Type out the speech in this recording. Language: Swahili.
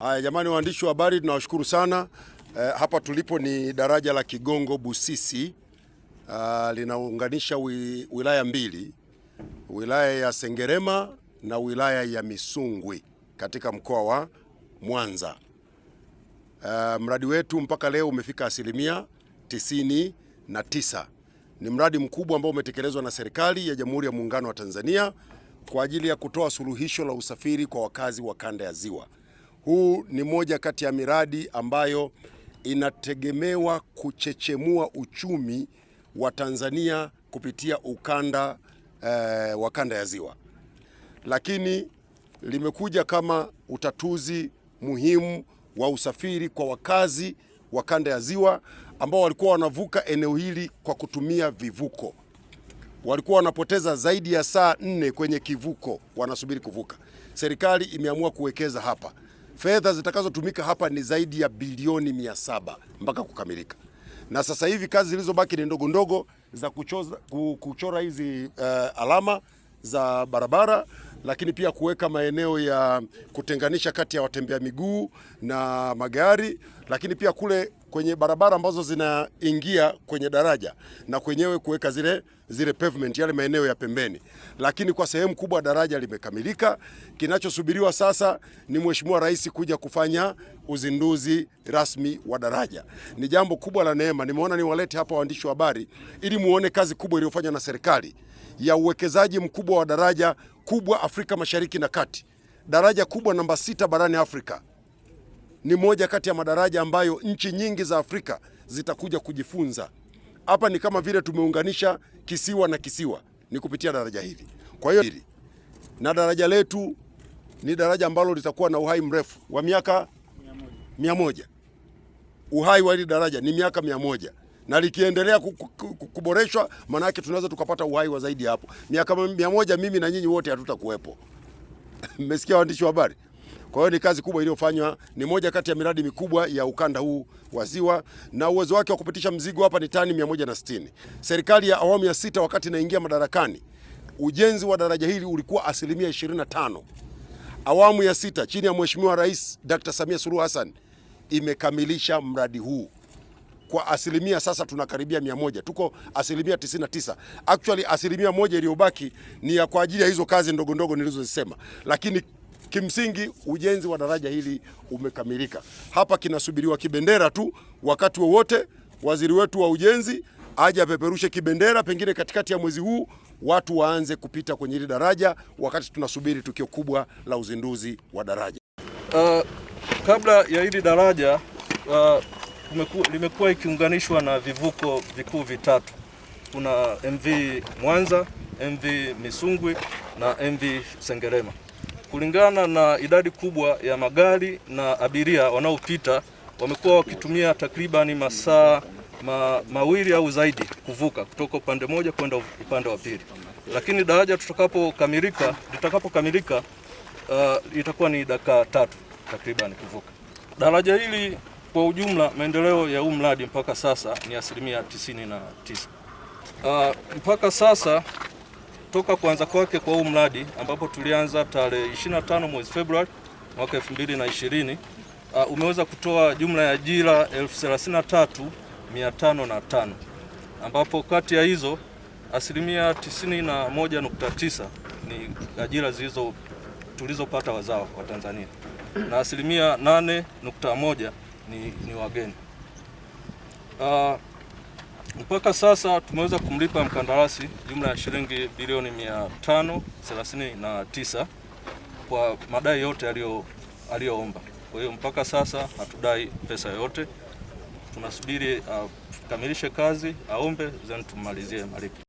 Haya jamani, waandishi wa habari tunawashukuru sana. E, hapa tulipo ni daraja la Kigongo Busisi. Ah, linaunganisha wi, wilaya mbili, wilaya ya Sengerema na wilaya ya Misungwi katika mkoa wa Mwanza. Uh, mradi wetu mpaka leo umefika asilimia tisini na tisa. Ni mradi mkubwa ambao umetekelezwa na serikali ya Jamhuri ya Muungano wa Tanzania kwa ajili ya kutoa suluhisho la usafiri kwa wakazi wa kanda ya Ziwa. Huu ni moja kati ya miradi ambayo inategemewa kuchechemua uchumi wa Tanzania kupitia ukanda eh, wa kanda ya Ziwa, lakini limekuja kama utatuzi muhimu wa usafiri kwa wakazi wa kanda ya Ziwa ambao walikuwa wanavuka eneo hili kwa kutumia vivuko. Walikuwa wanapoteza zaidi ya saa nne kwenye kivuko wanasubiri kuvuka. Serikali imeamua kuwekeza hapa fedha zitakazotumika hapa ni zaidi ya bilioni mia saba mpaka kukamilika, na sasa hivi kazi zilizobaki ni ndogo ndogo za kuchoza, kuchora hizi uh, alama za barabara lakini pia kuweka maeneo ya kutenganisha kati ya watembea miguu na magari, lakini pia kule kwenye barabara ambazo zinaingia kwenye daraja na kwenyewe kuweka zile zile pavement yale maeneo ya pembeni, lakini kwa sehemu kubwa daraja limekamilika. Kinachosubiriwa sasa ni Mheshimiwa Rais kuja kufanya uzinduzi rasmi wa daraja. Ni jambo kubwa la neema, nimeona niwalete hapa waandishi wa habari ili muone kazi kubwa iliyofanywa na serikali ya uwekezaji mkubwa wa daraja kubwa Afrika Mashariki na Kati, daraja kubwa namba sita barani Afrika. Ni moja kati ya madaraja ambayo nchi nyingi za Afrika zitakuja kujifunza. Hapa ni kama vile tumeunganisha kisiwa na kisiwa, ni kupitia daraja hili. Kwa hiyo na daraja letu ni daraja ambalo litakuwa na uhai mrefu wa miaka mia moja. Uhai wa hili daraja ni miaka mia moja na likiendelea kuboreshwa, maanake tunaweza tukapata uhai wa zaidi hapo. Miaka mia moja mimi na nyinyi wote hatutakuwepo. Mmesikia waandishi wa habari? Kwa hiyo ni kazi kubwa iliyofanywa, ni moja kati ya miradi mikubwa ya ukanda huu wa Ziwa, na uwezo wake wa kupitisha mzigo hapa ni tani 160. Serikali ya awamu ya sita wakati inaingia madarakani, ujenzi wa daraja hili ulikuwa asilimia 25. Awamu ya sita chini ya Mheshimiwa Rais Dr. Samia Suluhu Hassan imekamilisha mradi huu kwa asilimia sasa tunakaribia mia moja, tuko asilimia 99. Actually asilimia moja iliyobaki ni ya kwa ajili ya hizo kazi ndogo ndogo nilizozisema, lakini kimsingi ujenzi wa daraja hili umekamilika. Hapa kinasubiriwa kibendera tu, wakati wowote wa waziri wetu wa ujenzi aje apeperushe kibendera, pengine katikati ya mwezi huu watu waanze kupita kwenye hili daraja, wakati tunasubiri tukio kubwa la uzinduzi wa daraja. Uh, kabla ya hili daraja uh, limekuwa ikiunganishwa na vivuko vikuu vitatu. Kuna MV Mwanza, MV Misungwi na MV Sengerema. Kulingana na idadi kubwa ya magari na abiria wanaopita, wamekuwa wakitumia takribani masaa ma, mawili au zaidi kuvuka kutoka upande mmoja kwenda upande wa pili, lakini daraja tutakapokamilika litakapokamilika, uh, itakuwa ni dakika tatu takribani kuvuka daraja hili. Kwa ujumla maendeleo ya huu mradi mpaka sasa ni asilimia 99. Uh, ah, mpaka sasa toka kuanza kwake kwa huu mradi ambapo tulianza tarehe 25 mwezi Februari mwaka 2020 uh, ah, umeweza kutoa jumla ya ajira 33,505 ambapo kati ya hizo asilimia 91.9 ni ajira zilizo tulizopata wazawa wa Tanzania na asilimia 8.1 ni, ni wageni. Uh, mpaka sasa tumeweza kumlipa mkandarasi jumla ya shilingi bilioni 539 kwa madai yote aliyoomba. Kwa hiyo mpaka sasa hatudai pesa yoyote, tunasubiri akamilishe ah, uh, kazi aombe, then tumalizie malipo.